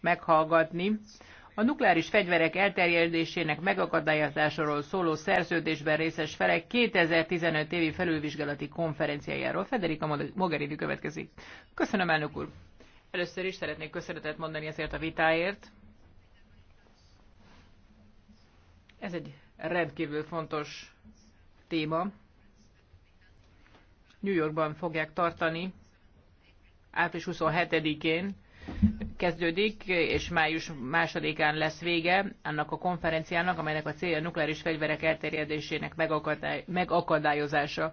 meghallgatni. A nukleáris fegyverek elterjedésének megakadályozásáról szóló szerződésben részes felek 2015 évi felülvizsgálati konferenciájáról. Federica Mogherini következik. Köszönöm, elnök úr! Először is szeretnék köszönetet mondani ezért a vitáért. Ez egy rendkívül fontos téma. New Yorkban fogják tartani április 27-én kezdődik, és május másodikán lesz vége annak a konferenciának, amelynek a célja a nukleáris fegyverek elterjedésének megakadályozása.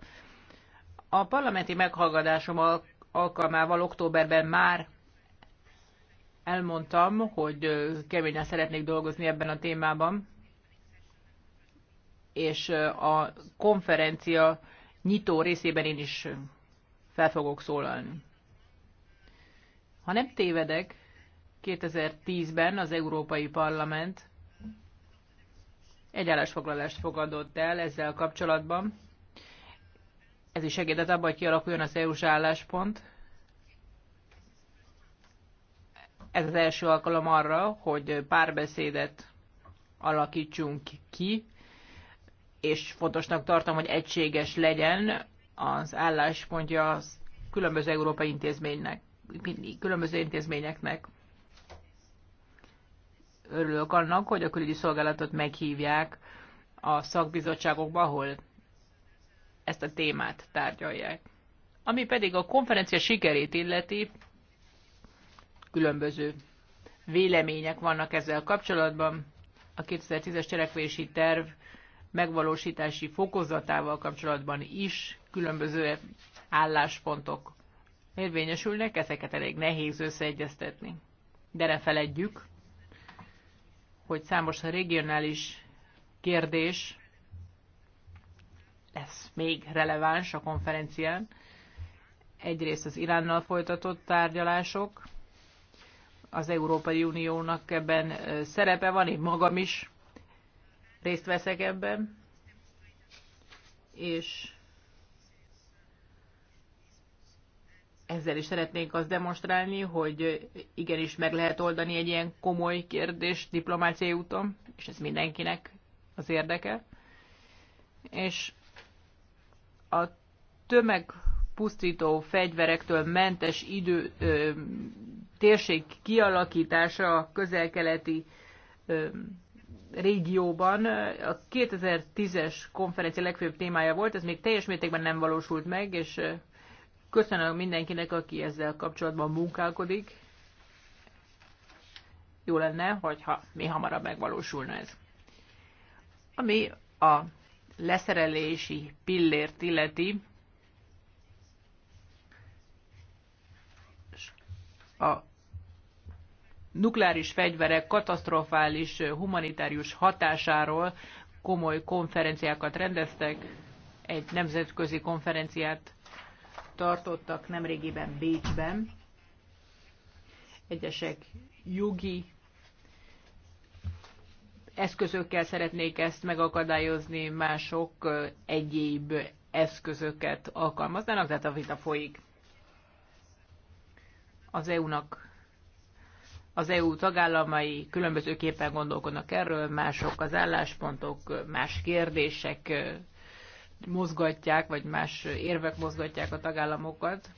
A parlamenti meghallgatásom alkalmával októberben már elmondtam, hogy keményen szeretnék dolgozni ebben a témában, és a konferencia nyitó részében én is fel fogok szólalni. Ha nem tévedek, 2010-ben az Európai Parlament egy állásfoglalást fogadott el ezzel kapcsolatban. Ez is segített abban, hogy kialakuljon az EU-s álláspont. Ez az első alkalom arra, hogy párbeszédet alakítsunk ki, és fontosnak tartom, hogy egységes legyen az álláspontja az különböző európai intézménynek különböző intézményeknek. Örülök annak, hogy a külügyi szolgálatot meghívják a szakbizottságokba, ahol ezt a témát tárgyalják. Ami pedig a konferencia sikerét illeti, különböző vélemények vannak ezzel kapcsolatban. A 2010-es cselekvési terv megvalósítási fokozatával kapcsolatban is különböző álláspontok érvényesülnek, ezeket elég nehéz összeegyeztetni. De ne feledjük, hogy számos regionális kérdés lesz még releváns a konferencián. Egyrészt az Iránnal folytatott tárgyalások, az Európai Uniónak ebben szerepe van, én magam is részt veszek ebben, és ezzel is szeretnénk azt demonstrálni, hogy igenis meg lehet oldani egy ilyen komoly kérdés diplomáciai úton, és ez mindenkinek az érdeke. És a tömegpusztító fegyverektől mentes idő, ö, térség kialakítása a közel-keleti régióban. A 2010-es konferencia legfőbb témája volt, ez még teljes mértékben nem valósult meg, és Köszönöm mindenkinek, aki ezzel kapcsolatban munkálkodik. Jó lenne, hogyha mi hamarabb megvalósulna ez. Ami a leszerelési pillért illeti, a nukleáris fegyverek katasztrofális humanitárius hatásáról komoly konferenciákat rendeztek, egy nemzetközi konferenciát tartottak nemrégiben Bécsben. Egyesek jogi eszközökkel szeretnék ezt megakadályozni, mások egyéb eszközöket alkalmaznának, tehát a vita folyik. Az EU-nak, az EU tagállamai különbözőképpen gondolkodnak erről, mások az álláspontok, más kérdések mozgatják, vagy más érvek mozgatják a tagállamokat.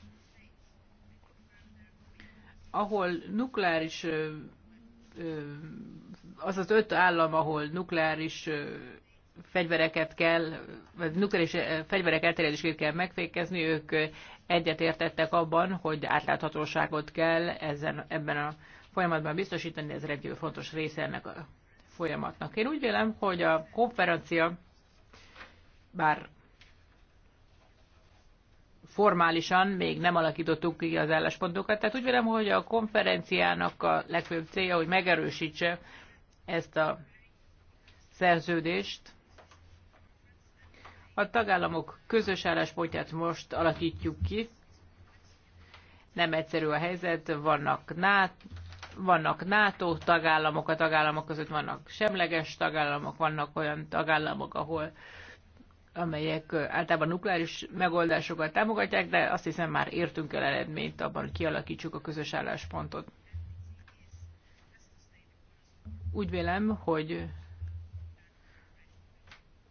Ahol nukleáris, az az öt állam, ahol nukleáris fegyvereket kell, vagy nukleáris fegyverek elterjedését kell megfékezni, ők egyetértettek abban, hogy átláthatóságot kell ezen, ebben a folyamatban biztosítani, ez rendkívül fontos része ennek a folyamatnak. Én úgy vélem, hogy a konferencia bár formálisan még nem alakítottuk ki az álláspontokat. Tehát úgy vélem, hogy a konferenciának a legfőbb célja, hogy megerősítse ezt a szerződést. A tagállamok közös álláspontját most alakítjuk ki. Nem egyszerű a helyzet, vannak NATO, vannak NATO tagállamok, a tagállamok között vannak semleges tagállamok, vannak olyan tagállamok, ahol uh, amelyek általában nukleáris megoldásokat támogatják, de azt hiszem már értünk el eredményt abban, hogy kialakítsuk a közös álláspontot. Úgy vélem, hogy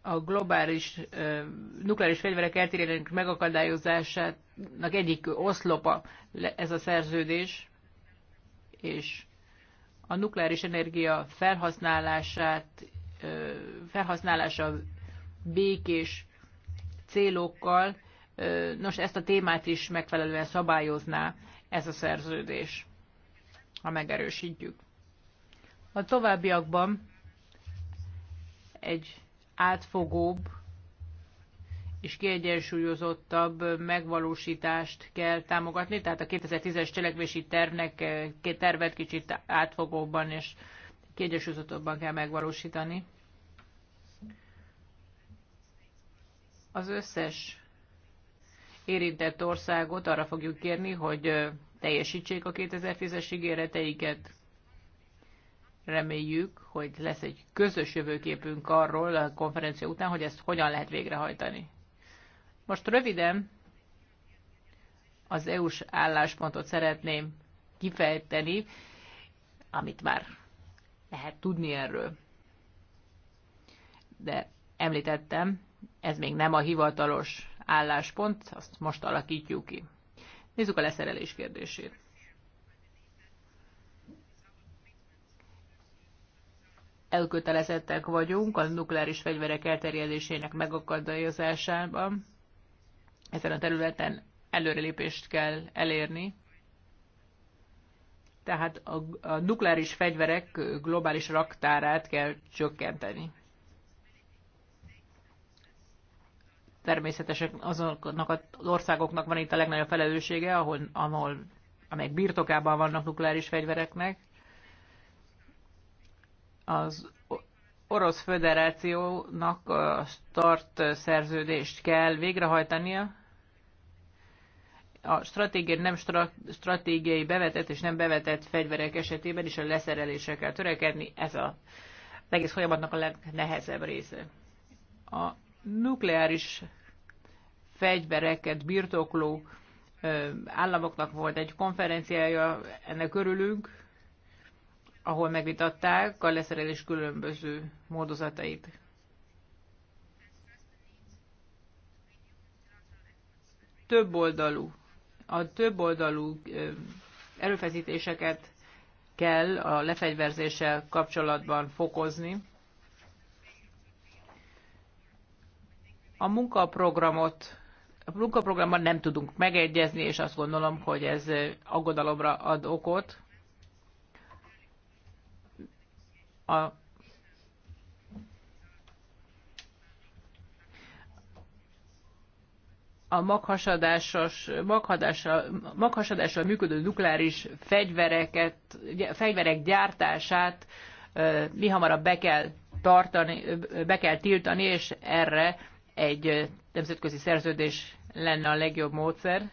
a globális nukleáris fegyverek eltérének megakadályozásának egyik oszlopa ez a szerződés, és a nukleáris energia felhasználását felhasználása békés célokkal, nos ezt a témát is megfelelően szabályozná ez a szerződés, ha megerősítjük. A továbbiakban egy átfogóbb és kiegyensúlyozottabb megvalósítást kell támogatni, tehát a 2010-es cselekvési tervnek eh, tervet kicsit átfogóbban és kiegyensúlyozottabban kell megvalósítani. Az összes érintett országot arra fogjuk kérni, hogy teljesítsék a 2010-es ígéreteiket. Reméljük, hogy lesz egy közös jövőképünk arról a konferencia után, hogy ezt hogyan lehet végrehajtani. Most röviden az EU-s álláspontot szeretném kifejteni, amit már lehet tudni erről. De említettem, ez még nem a hivatalos álláspont, azt most alakítjuk ki. Nézzük a leszerelés kérdését. Elkötelezettek vagyunk a nukleáris fegyverek elterjedésének megakadályozásában. Ezen a területen előrelépést kell elérni. Tehát a, a nukleáris fegyverek globális raktárát kell csökkenteni. természetesen azoknak az országoknak van itt a legnagyobb felelőssége, ahol, ahol amelyek birtokában vannak nukleáris fegyvereknek. Az Orosz Föderációnak a start szerződést kell végrehajtania. A stratégiai, nem stra, stratégiai bevetett és nem bevetett fegyverek esetében is a leszerelésre kell törekedni. Ez a, az egész folyamatnak a legnehezebb része. A nukleáris fegyvereket birtokló államoknak volt egy konferenciája, ennek örülünk, ahol megvitatták a leszerelés különböző módozatait. Több oldalú, a több oldalú erőfeszítéseket kell a lefegyverzéssel kapcsolatban fokozni. A munkaprogramot a munkaprogramban nem tudunk megegyezni, és azt gondolom, hogy ez aggodalomra ad okot. A a maghasadásos, maghasadással, működő nukleáris fegyvereket, fegyverek gyártását mi hamarabb be kell, tartani, be kell tiltani, és erre egy nemzetközi szerződés lenne a legjobb módszer.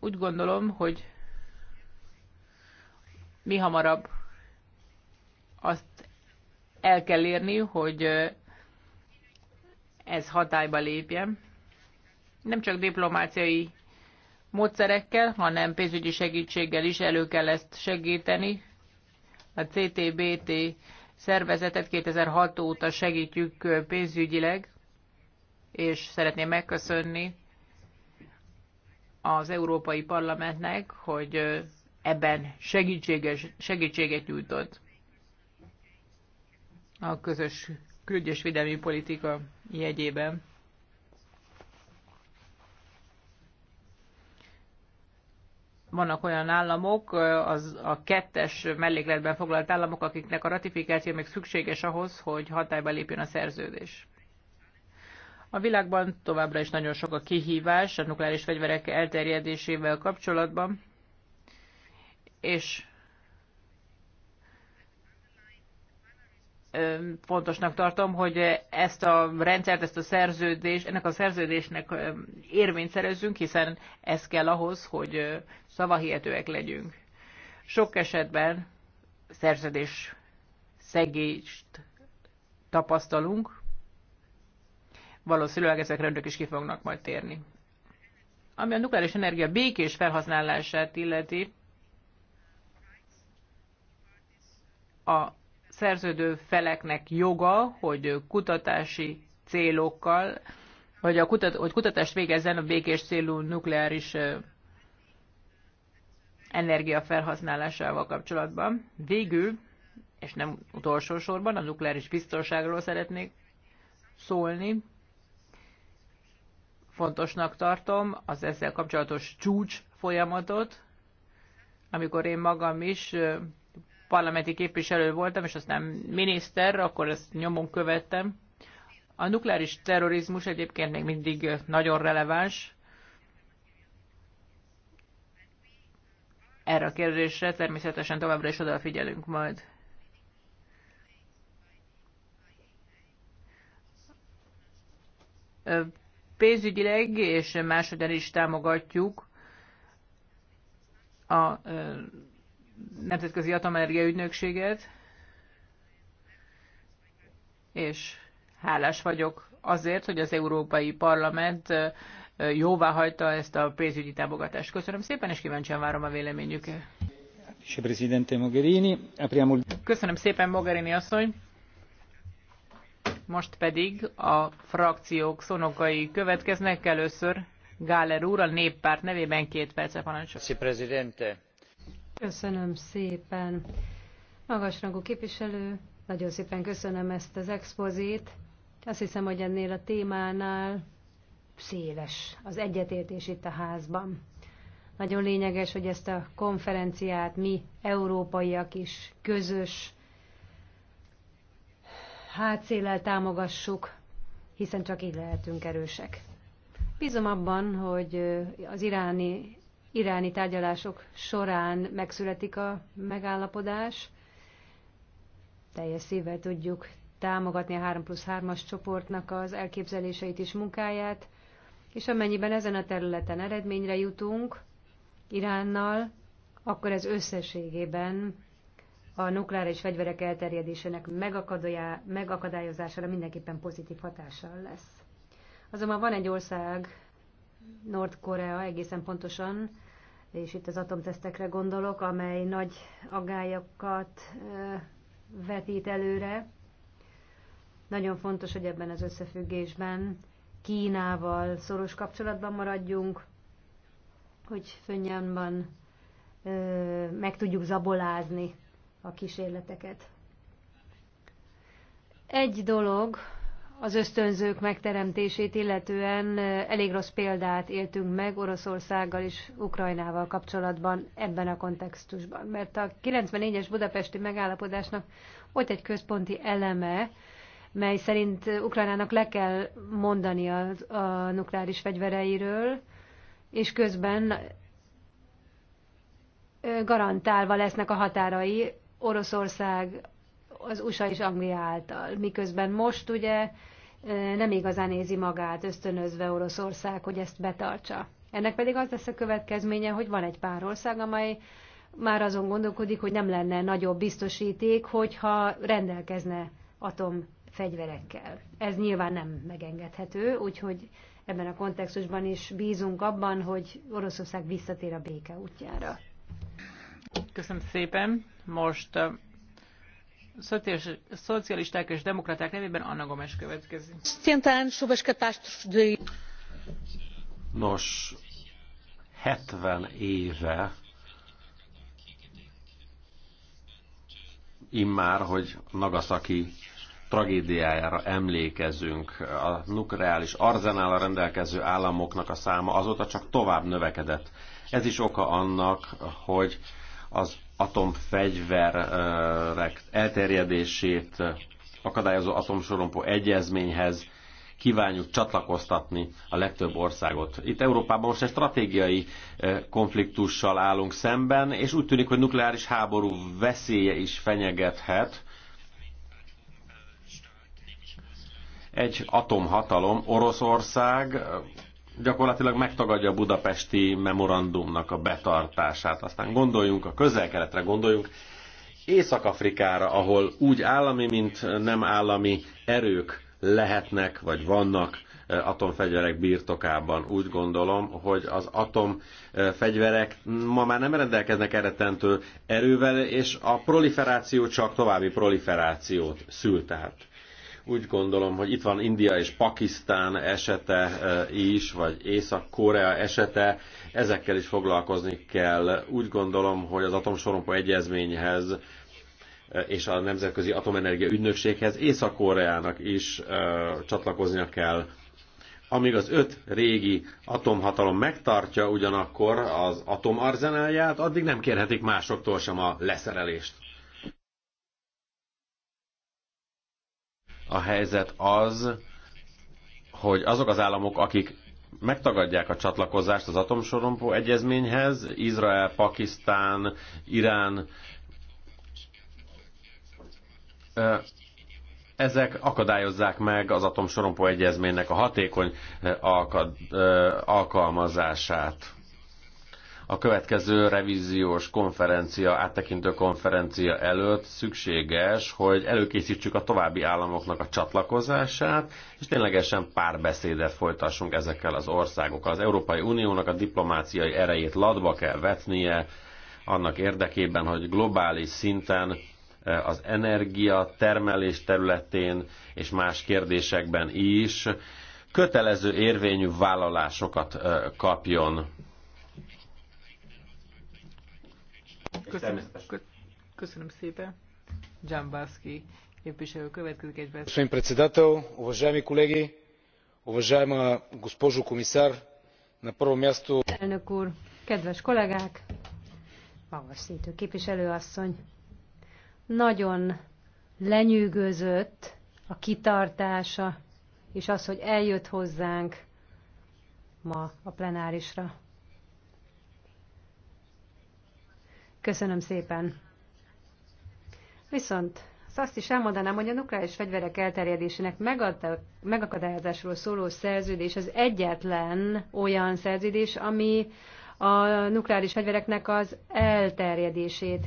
Úgy gondolom, hogy mi hamarabb azt el kell érni, hogy ez hatályba lépjen. Nem csak diplomáciai módszerekkel, hanem pénzügyi segítséggel is elő kell ezt segíteni. A CTBT szervezetet 2006 óta segítjük pénzügyileg, és szeretném megköszönni az Európai Parlamentnek, hogy ebben segítséget nyújtott a közös külügyes politika jegyében. vannak olyan államok, az a kettes mellékletben foglalt államok, akiknek a ratifikáció még szükséges ahhoz, hogy hatályba lépjön a szerződés. A világban továbbra is nagyon sok a kihívás a nukleáris fegyverek elterjedésével kapcsolatban, és fontosnak tartom, hogy ezt a rendszert, ezt a szerződést, ennek a szerződésnek érvényt szerezzünk, hiszen ez kell ahhoz, hogy szavahihetőek legyünk. Sok esetben szerződés szegést tapasztalunk, valószínűleg ezek önök is ki fognak majd térni. Ami a nukleáris energia békés felhasználását illeti, a szerződő feleknek joga, hogy kutatási célokkal, vagy a kutat, hogy kutatást végezzen a békés célú nukleáris energia felhasználásával kapcsolatban. Végül, és nem utolsó sorban, a nukleáris biztonságról szeretnék szólni. Fontosnak tartom az ezzel kapcsolatos csúcs folyamatot, amikor én magam is parlamenti képviselő voltam, és aztán miniszter, akkor ezt nyomon követtem. A nukleáris terrorizmus egyébként még mindig nagyon releváns. Erre a kérdésre természetesen továbbra is odafigyelünk majd. Pénzügyileg és máshogyan is támogatjuk a Nemzetközi Atomenergia Ügynökséget, és hálás vagyok azért, hogy az Európai Parlament jóvá hagyta ezt a pénzügyi támogatást. Köszönöm szépen, és kíváncsian várom a véleményüket. Köszönöm szépen, Mogherini asszony. Most pedig a frakciók szonokai következnek. Először Gáler úr a néppárt nevében két perce parancsol. Köszönöm szépen. Magasrangú képviselő, nagyon szépen köszönöm ezt az expozét. Azt hiszem, hogy ennél a témánál széles az egyetértés itt a házban. Nagyon lényeges, hogy ezt a konferenciát mi, európaiak is közös hátszéllel támogassuk, hiszen csak így lehetünk erősek. Bízom abban, hogy az iráni iráni tárgyalások során megszületik a megállapodás. Teljes szívvel tudjuk támogatni a 3 plusz 3-as csoportnak az elképzeléseit és munkáját, és amennyiben ezen a területen eredményre jutunk Iránnal, akkor ez összességében a nukleáris fegyverek elterjedésének megakadályozására mindenképpen pozitív hatással lesz. Azonban van egy ország, Nord-Korea egészen pontosan, és itt az atomtesztekre gondolok, amely nagy agályokat vetít előre. Nagyon fontos, hogy ebben az összefüggésben Kínával szoros kapcsolatban maradjunk, hogy fönnyenban meg tudjuk zabolázni a kísérleteket. Egy dolog, az ösztönzők megteremtését illetően elég rossz példát éltünk meg Oroszországgal és Ukrajnával kapcsolatban ebben a kontextusban. Mert a 94-es budapesti megállapodásnak volt egy központi eleme, mely szerint Ukrajnának le kell mondani a, a nukleáris fegyvereiről, és közben garantálva lesznek a határai Oroszország az USA és Anglia által. Miközben most ugye nem igazán nézi magát ösztönözve Oroszország, hogy ezt betartsa. Ennek pedig az lesz a következménye, hogy van egy pár ország, amely már azon gondolkodik, hogy nem lenne nagyobb biztosíték, hogyha rendelkezne atomfegyverekkel. Ez nyilván nem megengedhető, úgyhogy ebben a kontextusban is bízunk abban, hogy Oroszország visszatér a béke útjára. Köszönöm szépen. Most szocialisták és demokraták nevében Anna Gomes következik. Nos, 70 éve immár, hogy Nagasaki tragédiájára emlékezünk. A nukleáris arzenállal rendelkező államoknak a száma azóta csak tovább növekedett. Ez is oka annak, hogy az atomfegyverek elterjedését akadályozó atomsorompó egyezményhez kívánjuk csatlakoztatni a legtöbb országot. Itt Európában most egy stratégiai konfliktussal állunk szemben, és úgy tűnik, hogy nukleáris háború veszélye is fenyegethet. Egy atomhatalom, Oroszország gyakorlatilag megtagadja a budapesti memorandumnak a betartását. Aztán gondoljunk a közel-keletre, gondoljunk Észak-Afrikára, ahol úgy állami, mint nem állami erők lehetnek, vagy vannak eh, atomfegyverek birtokában. Úgy gondolom, hogy az atomfegyverek eh, ma már nem rendelkeznek eretentő erővel, és a proliferáció csak további proliferációt szült Tehát úgy gondolom, hogy itt van India és Pakisztán esete eh, is, vagy Észak-Korea esete, ezekkel is foglalkozni kell. Úgy gondolom, hogy az atomsorompó egyezményhez eh, és a Nemzetközi Atomenergia Ügynökséghez Észak-Koreának is eh, csatlakoznia kell amíg az öt régi atomhatalom megtartja ugyanakkor az atomarzenálját, addig nem kérhetik másoktól sem a leszerelést. A helyzet az, hogy azok az államok, akik megtagadják a csatlakozást az atomsorompó egyezményhez, Izrael, Pakisztán, Irán, ezek akadályozzák meg az atomsorompó egyezménynek a hatékony alkalmazását a következő revíziós konferencia, áttekintő konferencia előtt szükséges, hogy előkészítsük a további államoknak a csatlakozását, és ténylegesen párbeszédet folytassunk ezekkel az országokkal. Az Európai Uniónak a diplomáciai erejét ladba kell vetnie, annak érdekében, hogy globális szinten eh, az energia termelés területén és más kérdésekben is kötelező érvényű vállalásokat eh, kapjon Köszönöm, köszönöm szépen. Dzsambászki képviselő következik egy beszél. Köszönöm, председател, уважаеми колеги, уважаема госпожо комисар, на първо място... Elnök úr, kedves kollégák, magas szintű képviselőasszony, nagyon lenyűgözött a kitartása, és az, hogy eljött hozzánk ma a plenárisra. Köszönöm szépen. Viszont azt is elmondanám, hogy a nukleáris fegyverek elterjedésének megakadályozásról szóló szerződés az egyetlen olyan szerződés, ami a nukleáris fegyvereknek az elterjedését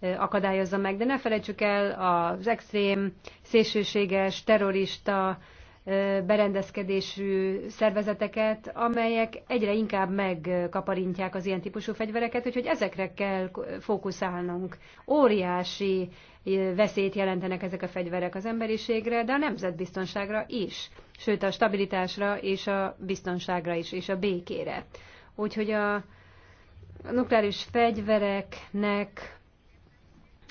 akadályozza meg. De ne felejtsük el az extrém, szélsőséges, terrorista berendezkedésű szervezeteket, amelyek egyre inkább megkaparintják az ilyen típusú fegyvereket, úgyhogy ezekre kell fókuszálnunk. Óriási veszélyt jelentenek ezek a fegyverek az emberiségre, de a nemzetbiztonságra is, sőt a stabilitásra és a biztonságra is, és a békére. Úgyhogy a nukleáris fegyvereknek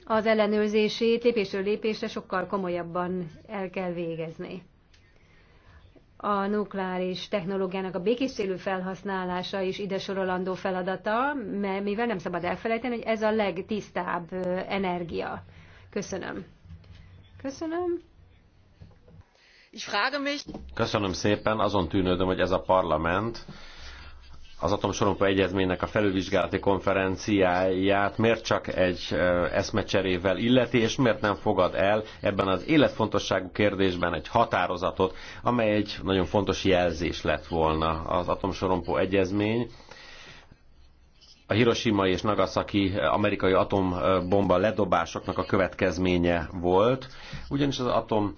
az ellenőrzését lépésről lépésre sokkal komolyabban el kell végezni a nukleáris technológiának a békés célú felhasználása is ide sorolandó feladata, mert mivel nem szabad elfelejteni, hogy ez a legtisztább energia. Köszönöm. Köszönöm. Köszönöm szépen, azon tűnődöm, hogy ez a parlament az Atomsorompa Egyezménynek a felülvizsgálati konferenciáját miért csak egy eszmecserével illeti, és miért nem fogad el ebben az életfontosságú kérdésben egy határozatot, amely egy nagyon fontos jelzés lett volna az Atomsorompó Egyezmény a hiroshimai és nagasaki amerikai atombomba ledobásoknak a következménye volt, ugyanis az atom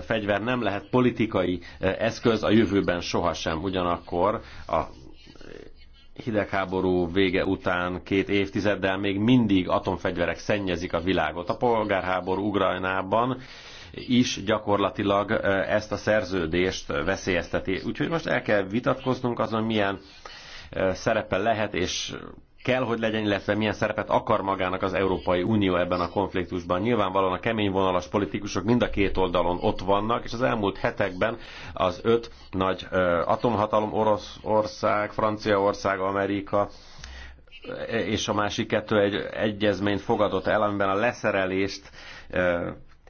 fegyver nem lehet politikai eszköz a jövőben sohasem. Ugyanakkor a hidegháború vége után két évtizeddel még mindig atomfegyverek szennyezik a világot. A polgárháború Ugrajnában is gyakorlatilag ezt a szerződést veszélyezteti. Úgyhogy most el kell vitatkoznunk azon, milyen szerepe lehet és kell, hogy legyen, illetve milyen szerepet akar magának az Európai Unió ebben a konfliktusban. Nyilvánvalóan a kemény vonalas politikusok mind a két oldalon ott vannak, és az elmúlt hetekben az öt nagy atomhatalom, Oroszország, Franciaország, Amerika, és a másik kettő egy egyezményt fogadott el, amiben a leszerelést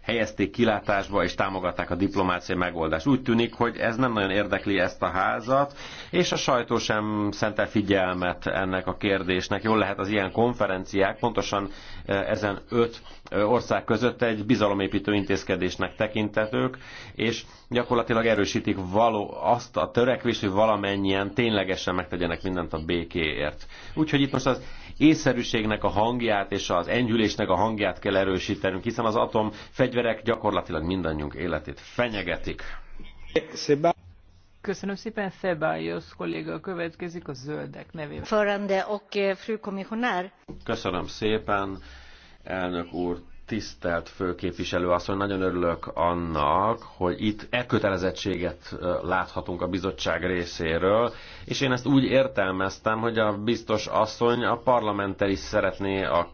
helyezték kilátásba és támogatták a diplomáciai megoldást. Úgy tűnik, hogy ez nem nagyon érdekli ezt a házat, és a sajtó sem szentel figyelmet ennek a kérdésnek. Jól lehet az ilyen konferenciák pontosan eh, ezen öt ország között egy bizalomépítő intézkedésnek tekintetők, és gyakorlatilag erősítik való azt a törekvést, hogy valamennyien ténylegesen megtegyenek mindent a békéért. Úgyhogy itt most az észszerűségnek a hangját és az enyhülésnek a hangját kell erősítenünk, hiszen az atom fegyverek gyakorlatilag mindannyiunk életét fenyegetik. Köszönöm szépen, Szebályos kolléga következik a zöldek nevében. fru Köszönöm szépen, elnök úr, tisztelt főképviselő asszony, nagyon örülök annak, hogy itt e kötelezettséget láthatunk a bizottság részéről, és én ezt úgy értelmeztem, hogy a biztos asszony a parlamenttel is szeretné a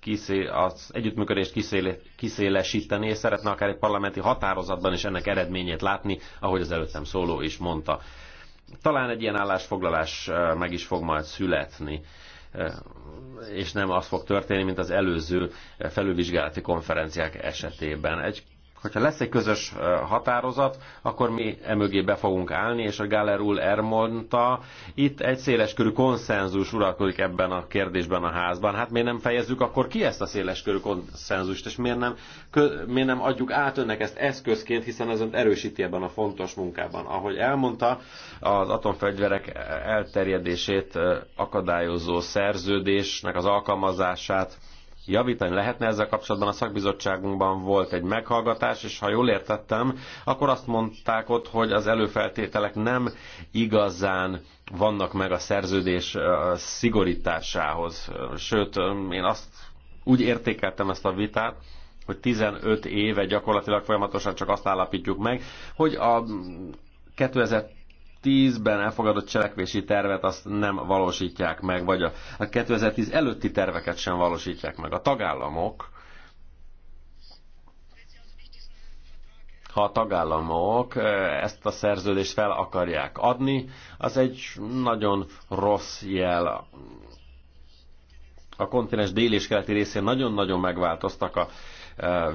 kiszé, az együttműködést kiszéle, kiszélesíteni, és szeretne akár egy parlamenti határozatban is ennek eredményét látni, ahogy az előttem szóló is mondta. Talán egy ilyen állásfoglalás meg is fog majd születni és nem az fog történni, mint az előző felülvizsgálati konferenciák esetében. Egy hogyha lesz egy közös határozat, akkor mi emögé be fogunk állni, és a Galler úr elmondta, itt egy széleskörű konszenzus uralkodik ebben a kérdésben a házban. Hát miért nem fejezzük akkor ki ezt a széleskörű konszenzust, és miért nem, kö, miért nem adjuk át önnek ezt eszközként, hiszen ez önt erősíti ebben a fontos munkában. Ahogy elmondta, az atomfegyverek elterjedését akadályozó szerződésnek az alkalmazását, javítani lehetne. Ezzel kapcsolatban a szakbizottságunkban volt egy meghallgatás, és ha jól értettem, akkor azt mondták ott, hogy az előfeltételek nem igazán vannak meg a szerződés szigorításához. Sőt, én azt úgy értékeltem ezt a vitát, hogy 15 éve gyakorlatilag folyamatosan csak azt állapítjuk meg, hogy a 2000 mm, 2010-ben elfogadott cselekvési tervet azt nem valósítják meg, vagy a 2010 előtti terveket sem valósítják meg. A tagállamok, ha a tagállamok ezt a szerződést fel akarják adni, az egy nagyon rossz jel. A kontinens déli és keleti részén nagyon-nagyon megváltoztak a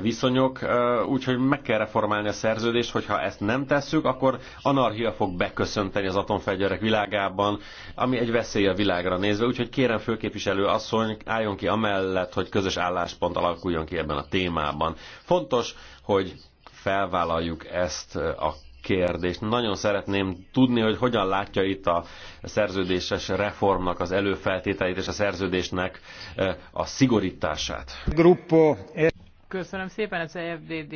viszonyok, úgyhogy meg kell reformálni a szerződést, hogyha ezt nem tesszük, akkor anarchia fog beköszönteni az atomfegyverek világában, ami egy veszély a világra nézve, úgyhogy kérem főképviselő asszony, álljon ki amellett, hogy közös álláspont alakuljon ki ebben a témában. Fontos, hogy felvállaljuk ezt a kérdést. Nagyon szeretném tudni, hogy hogyan látja itt a szerződéses reformnak az előfeltételeit és a szerződésnek a szigorítását. Gruppo. Köszönöm szépen, ez a FDD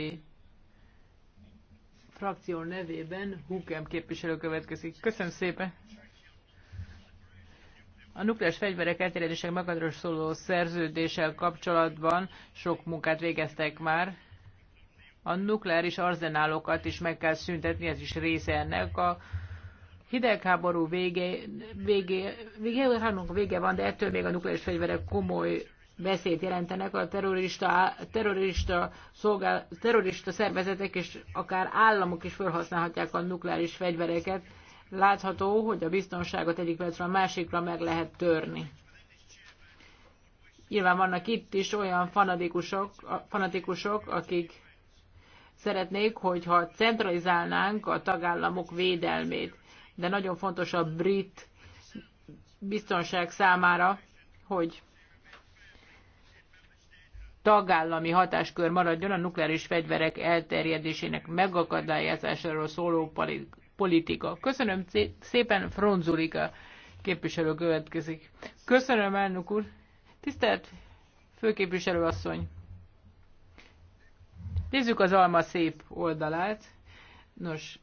frakció nevében Hukem képviselő következik. Köszönöm szépen. A nukleáris fegyverek elterjedések magadról szóló szerződéssel kapcsolatban sok munkát végeztek már. A nukleáris arzenálokat is meg kell szüntetni, ez is része ennek a hidegháború vége, vége, vége, vége van, de ettől még a nukleáris fegyverek komoly veszélyt jelentenek a terrorista, terrorista, szolgál, terrorista szervezetek és akár államok is felhasználhatják a nukleáris fegyvereket. Látható, hogy a biztonságot egyik percről a másikra meg lehet törni. Nyilván vannak itt is olyan fanatikusok, fanatikusok akik szeretnék, hogyha centralizálnánk a tagállamok védelmét. De nagyon fontos a brit biztonság számára, hogy tagállami hatáskör maradjon a nukleáris fegyverek elterjedésének megakadályozásáról szóló politika. Köszönöm szépen, Fronzulika képviselő következik. Köszönöm, elnök úr. Tisztelt főképviselő asszony! Nézzük az alma szép oldalát. Nos,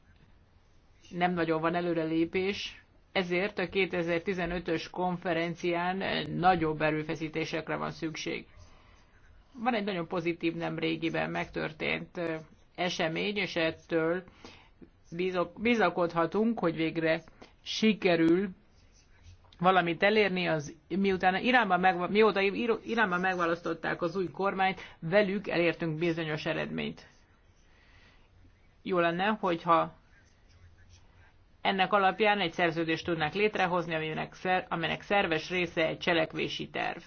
nem nagyon van előrelépés, ezért a 2015-ös konferencián nagyobb erőfeszítésekre van szükség. Van egy nagyon pozitív, nem régiben megtörtént esemény, és ettől bizakodhatunk, hogy végre sikerül valamit elérni, az, miután Iránban megva, mióta Iránban megválasztották az új kormányt, velük elértünk bizonyos eredményt. Jó lenne, hogyha ennek alapján egy szerződést tudnak létrehozni, aminek, aminek szerves része egy cselekvési terv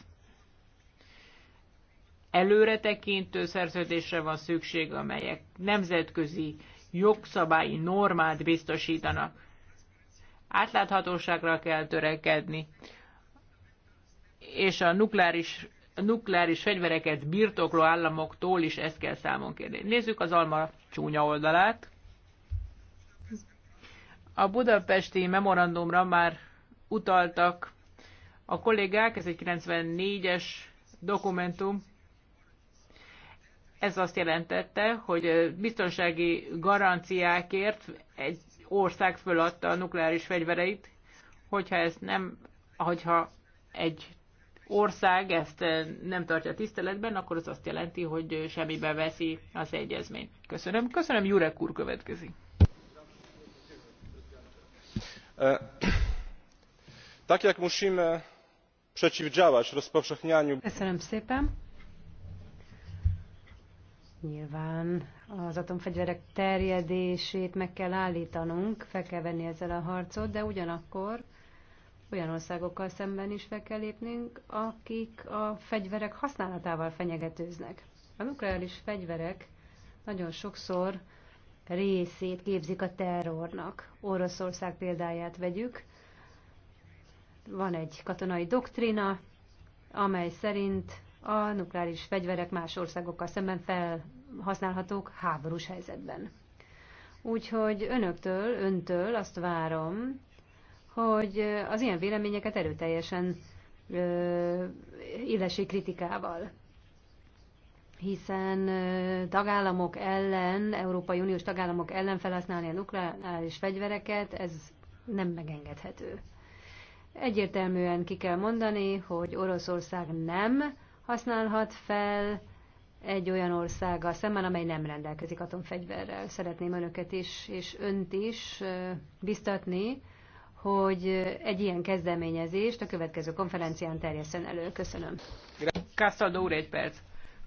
előretekintő szerződésre van szükség, amelyek nemzetközi jogszabályi normát biztosítanak. Átláthatóságra kell törekedni, és a nukleáris, nukleáris fegyvereket birtokló államoktól is ezt kell számon kérni. Nézzük az alma csúnya oldalát. A budapesti memorandumra már utaltak a kollégák, ez egy 94-es dokumentum, ez azt jelentette, hogy biztonsági garanciákért egy ország föladta a nukleáris fegyvereit, hogyha ezt nem, hogyha egy ország ezt nem tartja tiszteletben, akkor az azt jelenti, hogy semmibe veszi az egyezményt. Köszönöm. Köszönöm, Jurek úr következik. Tak jak musimy przeciwdziałać rozpowszechnianiu... Köszönöm szépen Nyilván az atomfegyverek terjedését meg kell állítanunk, fel kell venni ezzel a harcot, de ugyanakkor olyan országokkal szemben is fel kell lépnünk, akik a fegyverek használatával fenyegetőznek. A nukleáris fegyverek nagyon sokszor részét képzik a terrornak. Oroszország példáját vegyük. Van egy katonai doktrina, amely szerint a nukleáris fegyverek más országokkal szemben felhasználhatók háborús helyzetben. Úgyhogy önöktől, öntől azt várom, hogy az ilyen véleményeket erőteljesen illesi kritikával hiszen tagállamok ellen, Európai Uniós tagállamok ellen felhasználni a nukleáris fegyvereket, ez nem megengedhető. Egyértelműen ki kell mondani, hogy Oroszország nem használhat fel egy olyan országgal szemben, amely nem rendelkezik atomfegyverrel. Szeretném önöket is, és önt is biztatni, hogy egy ilyen kezdeményezést a következő konferencián terjeszen elő. Köszönöm. Kászaldó úr, egy perc.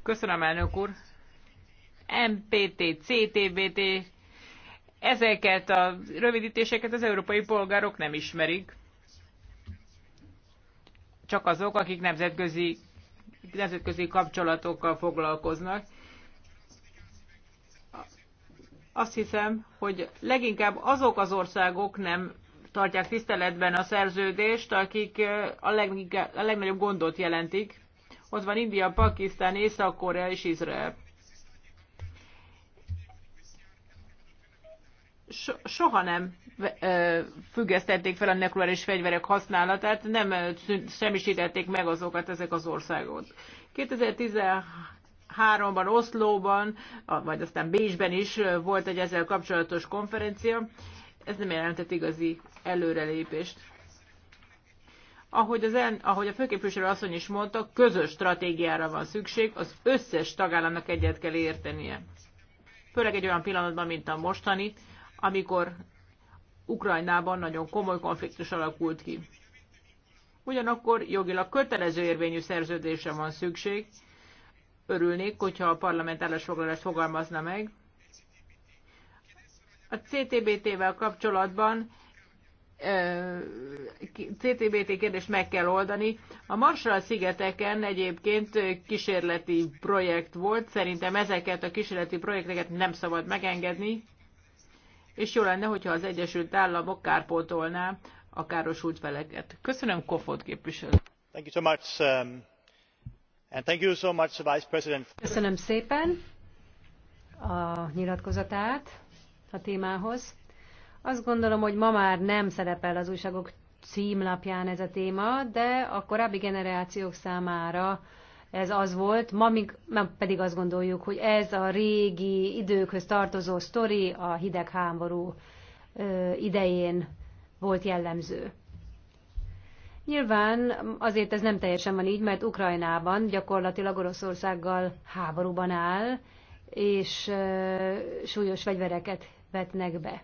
Köszönöm, elnök úr. MPT, CTBT, ezeket a rövidítéseket az európai polgárok nem ismerik. Csak azok, akik nemzetközi nemzetközi kapcsolatokkal foglalkoznak. Azt hiszem, hogy leginkább azok az országok nem tartják tiszteletben a szerződést, akik a, legnagyobb gondot jelentik. Ott van India, Pakisztán, Észak-Korea és Izrael. so, soha nem ö, függesztették fel a nukleáris fegyverek használatát, nem semmisítették meg azokat ezek az országok. 2013-ban Oszlóban, vagy aztán Bécsben is volt egy ezzel kapcsolatos konferencia. Ez nem jelentett igazi előrelépést. Ahogy, az el, ahogy a főképviselő asszony is mondta, közös stratégiára van szükség, az összes tagállamnak egyet kell értenie. Főleg egy olyan pillanatban, mint a mostani, amikor Ukrajnában nagyon komoly konfliktus alakult ki. Ugyanakkor jogilag kötelező érvényű szerződésre van szükség. Örülnék, hogyha a parlament állásfoglalást fogalmazna meg. A CTBT-vel kapcsolatban CTBT kérdést meg kell oldani. A Marshall-szigeteken egyébként kísérleti projekt volt, szerintem ezeket a kísérleti projekteket nem szabad megengedni és jó lenne, hogyha az Egyesült Államok kárpótolná a károsult feleket. Köszönöm, Kofod képviselő. Thank you so much, um, and thank you so much, Vice President. Köszönöm szépen a nyilatkozatát a témához. Azt gondolom, hogy ma már nem szerepel az újságok címlapján ez a téma, de a korábbi generációk számára ez az volt, ma, még, pedig azt gondoljuk, hogy ez a régi időkhöz tartozó sztori a hidegháború idején volt jellemző. Nyilván azért ez nem teljesen van így, mert Ukrajnában gyakorlatilag Oroszországgal háborúban áll, és súlyos fegyvereket vetnek be.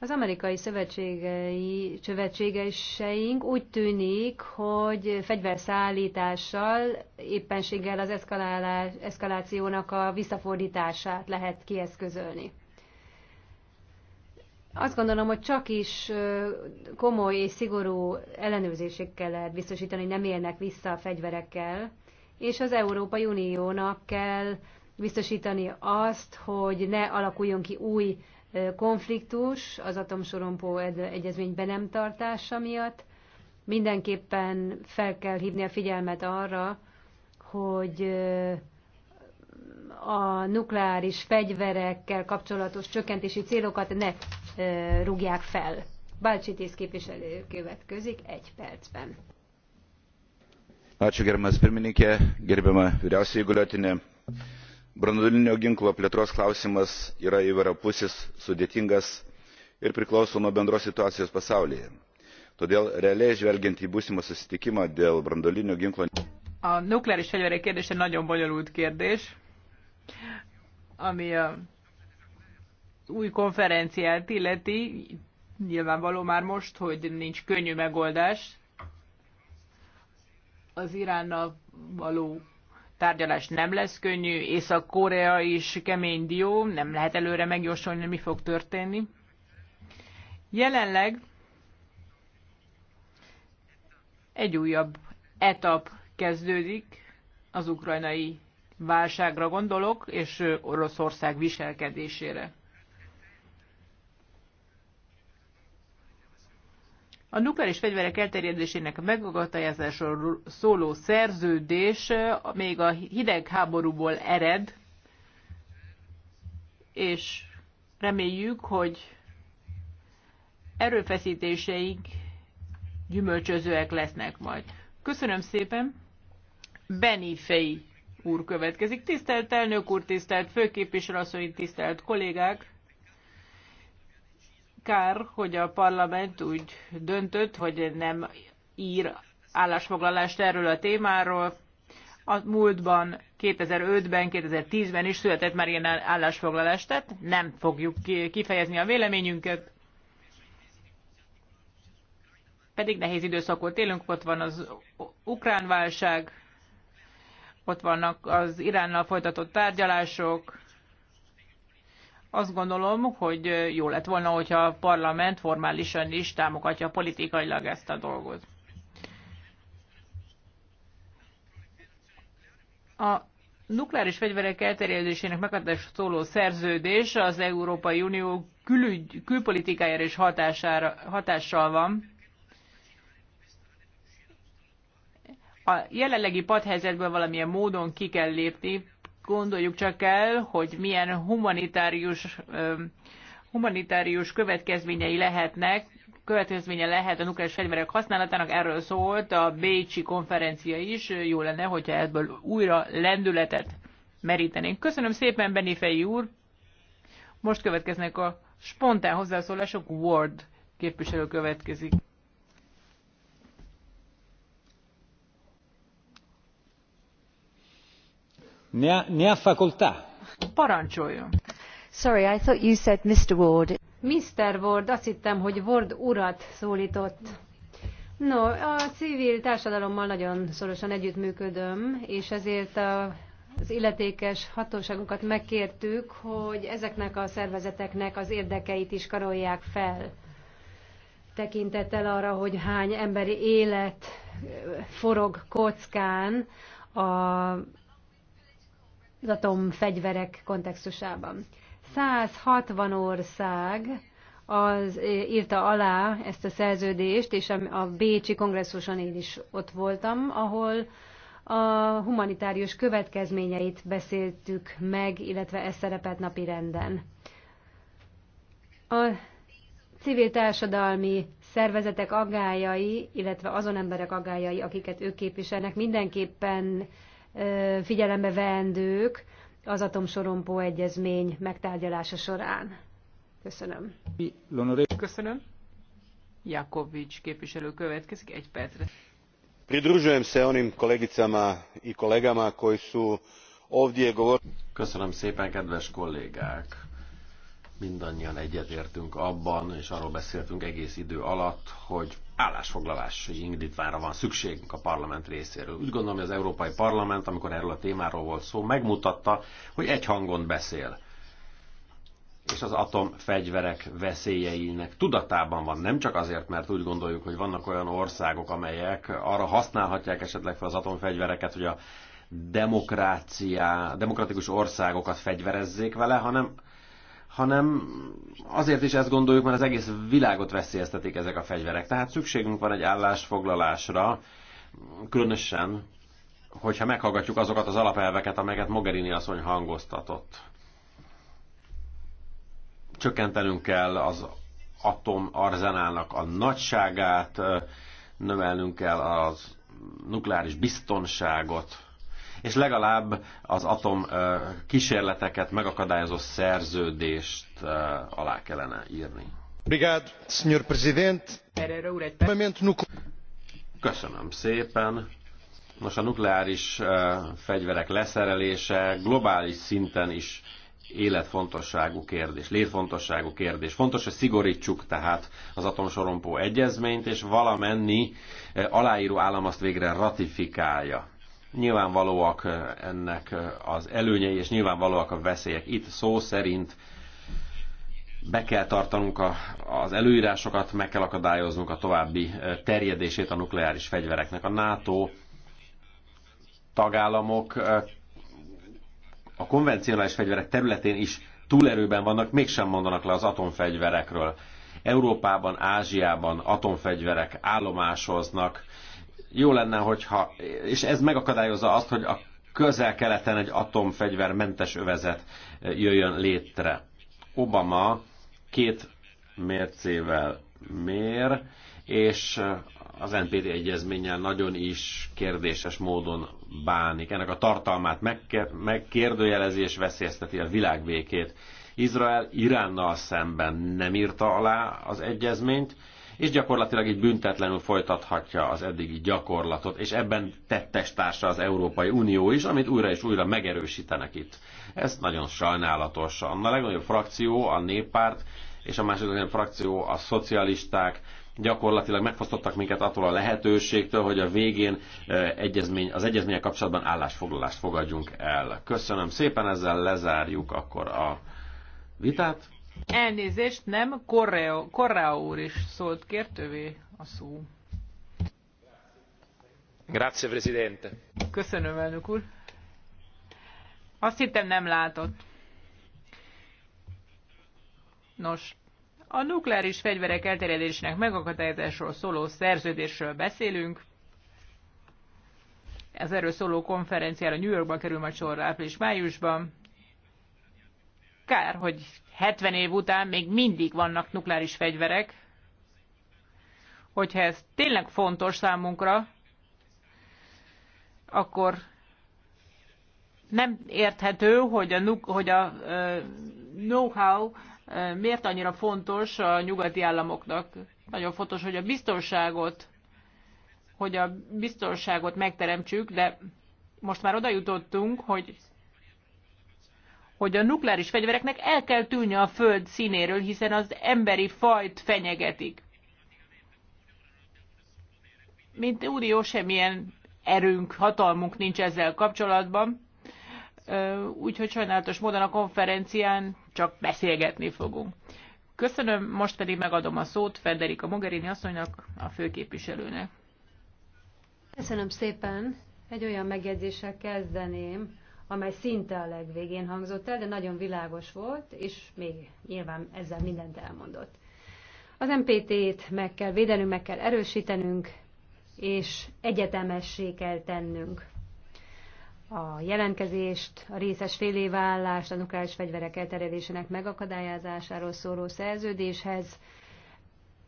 Az amerikai szövetségei, szövetségeseink úgy tűnik, hogy fegyverszállítással, éppenséggel az eszkalálás, eszkalációnak a visszafordítását lehet kieszközölni. Azt gondolom, hogy csak is komoly és szigorú ellenőrzésekkel lehet biztosítani, hogy nem élnek vissza a fegyverekkel, és az Európai Uniónak kell biztosítani azt, hogy ne alakuljon ki új konfliktus az atomsorompó egyezmény be nem tartása miatt. Mindenképpen fel kell hívni a figyelmet arra, hogy a nukleáris fegyverekkel kapcsolatos csökkentési célokat ne rúgják fel. Bácsi Tész képviselő következik egy percben. Ačiū gerbiamas pirmininkė, gerbiama vyriausiai įgaliotinė branduolinio ginklo plėtros klausimas yra įvairiapusis sudėtingas ir priklauso nuo bendros situacijos pasaulyje todėl realiai žvelgiant į būsimą susitikimą dėl branduolinio ginklo. a nukleáris fegyverek kérdése nagyon bonyolult kérdés ami a új konferenciát illeti nyilvánvaló már most hogy nincs könnyű megoldás az iránnal való tárgyalás nem lesz könnyű, Észak-Korea is kemény dió, nem lehet előre megjósolni, mi fog történni. Jelenleg egy újabb etap kezdődik, az ukrajnai válságra gondolok, és Oroszország viselkedésére. A nukleáris fegyverek elterjedésének megakadályozásról szóló szerződés eh, még a hidegháborúból ered, és reméljük, hogy erőfeszítéseik gyümölcsözőek lesznek majd. Köszönöm szépen. Benny Fei úr következik. Tisztelt elnök úr, tisztelt főképviselő asszony, tisztelt kollégák! kár, hogy a parlament úgy döntött, hogy nem ír állásfoglalást erről a témáról. A múltban, 2005-ben, 2010-ben is született már ilyen állásfoglalást, tehát nem fogjuk kifejezni a véleményünket. Pedig nehéz időszakot élünk, ott van az ukrán válság, ott vannak az Iránnal folytatott tárgyalások, azt gondolom, hogy jó lett volna, hogyha a parlament formálisan is támogatja politikailag ezt a dolgot. A nukleáris fegyverek elterjedésének meghatása szóló szerződés az Európai Unió külügy, külpolitikájára és hatására, hatással van. A jelenlegi padhelyzetből valamilyen módon ki kell lépni, gondoljuk csak el, hogy milyen humanitárius, humanitárius következményei lehetnek, következménye lehet a nukleáris fegyverek használatának, erről szólt a Bécsi konferencia is, jó lenne, hogyha ebből újra lendületet merítenénk. Köszönöm szépen, Benifei úr! Most következnek a spontán hozzászólások, Ward képviselő következik. Parancsoljon. Sorry, I thought you said Mr. Ward. Mr. Ward, azt hittem, hogy Ward urat szólított. No, a civil társadalommal nagyon szorosan együttműködöm, és ezért a az illetékes hatóságokat megkértük, hogy ezeknek a szervezeteknek az érdekeit is karolják fel. Tekintettel arra, hogy hány emberi élet forog kockán a az atomfegyverek kontextusában. 160 ország az e, írta alá ezt a szerződést, és a Bécsi kongresszuson én is ott voltam, ahol a humanitárius következményeit beszéltük meg, illetve ez szerepelt napi renden. A civil társadalmi szervezetek aggájai, illetve azon emberek aggájai, akiket ők képviselnek, mindenképpen figyelembe veendők az atomsorompó egyezmény megtárgyalása során. Köszönöm. Köszönöm. Jakovics képviselő következik egy percre. Pridružujem se onim kolegicama i kolegama koji su ovdje govorili. Köszönöm szépen, kedves kollégák! mindannyian egyetértünk abban, és arról beszéltünk egész idő alatt, hogy állásfoglalási indítványra van szükségünk a parlament részéről. Úgy gondolom, hogy az Európai Parlament, amikor erről a témáról volt szó, megmutatta, hogy egy hangon beszél. És az atomfegyverek veszélyeinek tudatában van, nem csak azért, mert úgy gondoljuk, hogy vannak olyan országok, amelyek arra használhatják esetleg fel az atomfegyvereket, hogy a demokráciá, demokratikus országokat fegyverezzék vele, hanem hanem azért is ezt gondoljuk, mert az egész világot veszélyeztetik ezek a fegyverek. Tehát szükségünk van egy állásfoglalásra, különösen, hogyha meghallgatjuk azokat az alapelveket, amelyeket Mogherini asszony hangoztatott. Csökkentenünk kell az atomarzenálnak a nagyságát, növelnünk kell az nukleáris biztonságot, és legalább az atom kísérleteket megakadályozó szerződést alá kellene írni. Köszönöm szépen. Most a nukleáris fegyverek leszerelése globális szinten is életfontosságú kérdés, létfontosságú kérdés. Fontos, hogy szigorítsuk tehát az atomsorompó egyezményt, és valamennyi aláíró állam azt végre ratifikálja. Nyilvánvalóak ennek az előnyei, és nyilvánvalóak a veszélyek. Itt szó szerint be kell tartanunk a, az előírásokat, meg kell akadályoznunk a további terjedését a nukleáris fegyvereknek. A NATO tagállamok a konvencionális fegyverek területén is túlerőben vannak, mégsem mondanak le az atomfegyverekről. Európában, Ázsiában atomfegyverek állomásoznak, jó lenne, hogyha, és ez megakadályozza azt, hogy a közel-keleten egy atomfegyvermentes övezet jöjjön létre. Obama két mércével mér, és az NPD egyezménnyel nagyon is kérdéses módon bánik. Ennek a tartalmát megkérdőjelezi és veszélyezteti a világbékét. Izrael Iránnal szemben nem írta alá az egyezményt, és gyakorlatilag így büntetlenül folytathatja az eddigi gyakorlatot, és ebben tettestársa az Európai Unió is, amit újra és újra megerősítenek itt. Ez nagyon sajnálatos. A legnagyobb frakció a néppárt, és a második legnagyobb frakció a szocialisták, gyakorlatilag megfosztottak minket attól a lehetőségtől, hogy a végén eh, egyezmény, az egyezmények kapcsolatban állásfoglalást fogadjunk el. Köszönöm szépen, ezzel lezárjuk akkor a vitát. Elnézést, nem, Correa, úr is szólt, kértővé a szó. Grazie, Presidente. Köszönöm, elnök úr. Azt hittem nem látott. Nos, a nukleáris fegyverek elterjedésének megakadályozásról szóló szerződésről beszélünk. Ez erről szóló konferenciára New Yorkban kerül majd sor április-májusban. Kár, hogy 70 év után még mindig vannak nukleáris fegyverek. Hogyha ez tényleg fontos számunkra, akkor nem érthető, hogy a, hogy a know-how miért annyira fontos a nyugati államoknak. Nagyon fontos, hogy a biztonságot, hogy a biztonságot megteremtsük, de most már oda jutottunk, hogy hogy a nukleáris fegyvereknek el kell tűnni a föld színéről, hiszen az emberi fajt fenyegetik. Mint Unió semmilyen erőnk, hatalmunk nincs ezzel kapcsolatban, úgyhogy sajnálatos módon a konferencián csak beszélgetni fogunk. Köszönöm, most pedig megadom a szót Federica Mogherini asszonynak, a főképviselőnek. Köszönöm szépen. Egy olyan megjegyzéssel kezdeném, amely szinte a legvégén hangzott el, de nagyon világos volt, és még nyilván ezzel mindent elmondott. Az MPT-t meg kell védenünk, meg kell erősítenünk, és egyetemessé kell tennünk a jelentkezést, a részes félévállást, a nukleáris fegyverek elterjedésének megakadályozásáról szóló szerződéshez.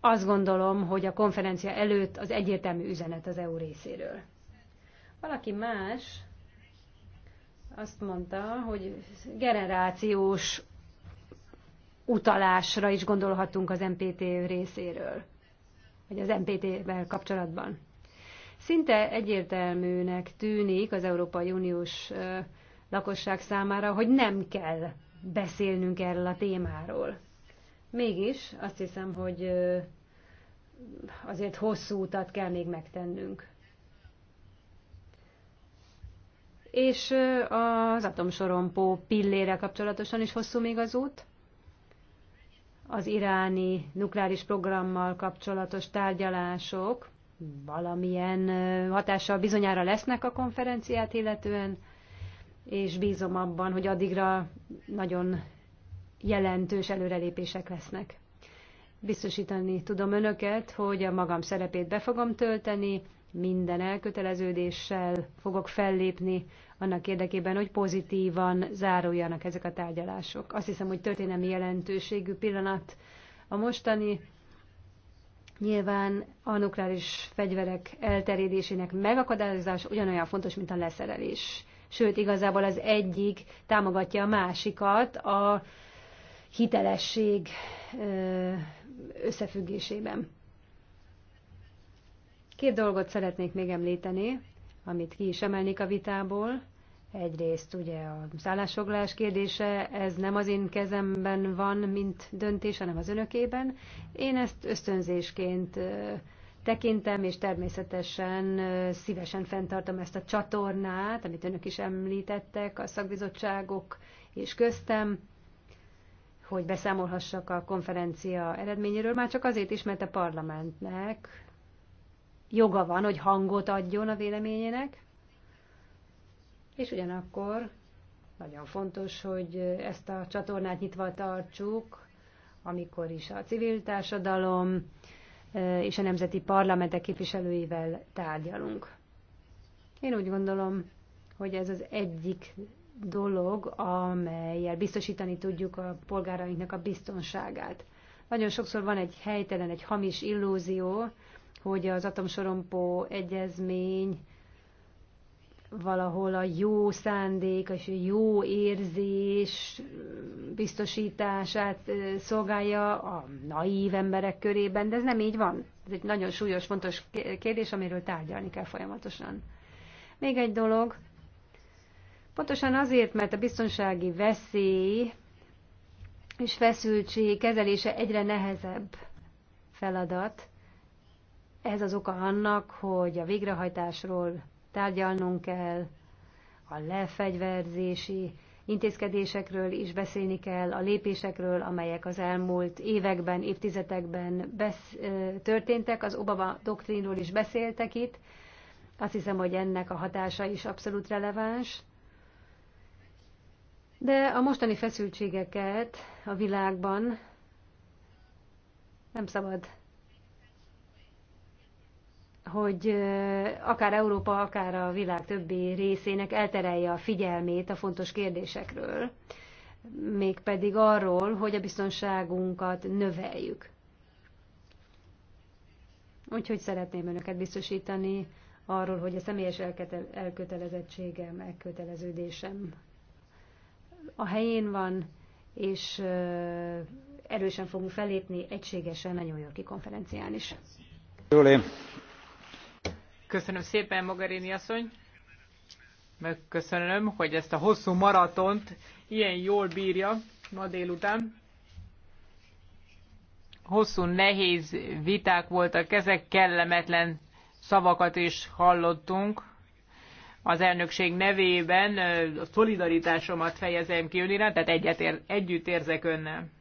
Azt gondolom, hogy a konferencia előtt az egyértelmű üzenet az EU részéről. Valaki más azt mondta, hogy generációs utalásra is gondolhatunk az MPT részéről, vagy az MPT-vel kapcsolatban. Szinte egyértelműnek tűnik az Európai Uniós lakosság számára, hogy nem kell beszélnünk erről a témáról. Mégis azt hiszem, hogy azért hosszú utat kell még megtennünk. és az atomsorompó pillére kapcsolatosan is hosszú még az út. Az iráni nukleáris programmal kapcsolatos tárgyalások valamilyen hatással bizonyára lesznek a konferenciát illetően, és bízom abban, hogy addigra nagyon jelentős előrelépések lesznek. Biztosítani tudom önöket, hogy a magam szerepét be fogom tölteni, minden elköteleződéssel fogok fellépni annak érdekében, hogy pozitívan záruljanak ezek a tárgyalások. Azt hiszem, hogy történelmi jelentőségű pillanat a mostani. Nyilván a nukleáris fegyverek elterjedésének megakadályozás ugyanolyan fontos, mint a leszerelés. Sőt, igazából az egyik támogatja a másikat a hitelesség összefüggésében. Két dolgot szeretnék még említeni, amit ki is emelnék a vitából. Egyrészt ugye a szállásfoglalás kérdése, ez nem az én kezemben van, mint döntés, hanem az önökében. Én ezt ösztönzésként tekintem, és természetesen szívesen fenntartom ezt a csatornát, amit önök is említettek, a szakbizottságok és köztem, hogy beszámolhassak a konferencia eredményéről, már csak azért is, mert a parlamentnek joga van, hogy hangot adjon a véleményének, és ugyanakkor nagyon fontos, hogy ezt a csatornát nyitva tartsuk, amikor is a civil társadalom e, és a nemzeti parlamentek képviselőivel tárgyalunk. Én úgy gondolom, hogy ez az egyik dolog, amelyel biztosítani tudjuk a polgárainknak a biztonságát. Nagyon sokszor van egy helytelen, egy hamis illúzió, hogy az atomsorompó egyezmény valahol a jó szándék és a jó érzés biztosítását szolgálja a naív emberek körében, de ez nem így van. Ez egy nagyon súlyos, fontos kérdés, amiről tárgyalni kell folyamatosan. Még egy dolog. Pontosan azért, mert a biztonsági veszély és feszültség kezelése egyre nehezebb feladat, ez az oka annak, hogy a végrehajtásról tárgyalnunk kell, a lefegyverzési intézkedésekről is beszélni kell, a lépésekről, amelyek az elmúlt években, évtizedekben besz, történtek. Az Obama doktrínról is beszéltek itt. Azt hiszem, hogy ennek a hatása is abszolút releváns. De a mostani feszültségeket a világban nem szabad hogy akár Európa, akár a világ többi részének elterelje a figyelmét a fontos kérdésekről, mégpedig arról, hogy a biztonságunkat növeljük. Úgyhogy szeretném önöket biztosítani arról, hogy a személyes elkötelezettségem, elköteleződésem a helyén van, és erősen fogunk felépni egységesen a New Yorki konferencián is. Jól Köszönöm szépen, Magarini asszony. Megköszönöm, hogy ezt a hosszú maratont ilyen jól bírja ma délután. Hosszú, nehéz viták voltak, ezek kellemetlen szavakat is hallottunk. Az elnökség nevében a szolidaritásomat fejezem ki ön iránt, tehát egyet ér, együtt érzek önnel.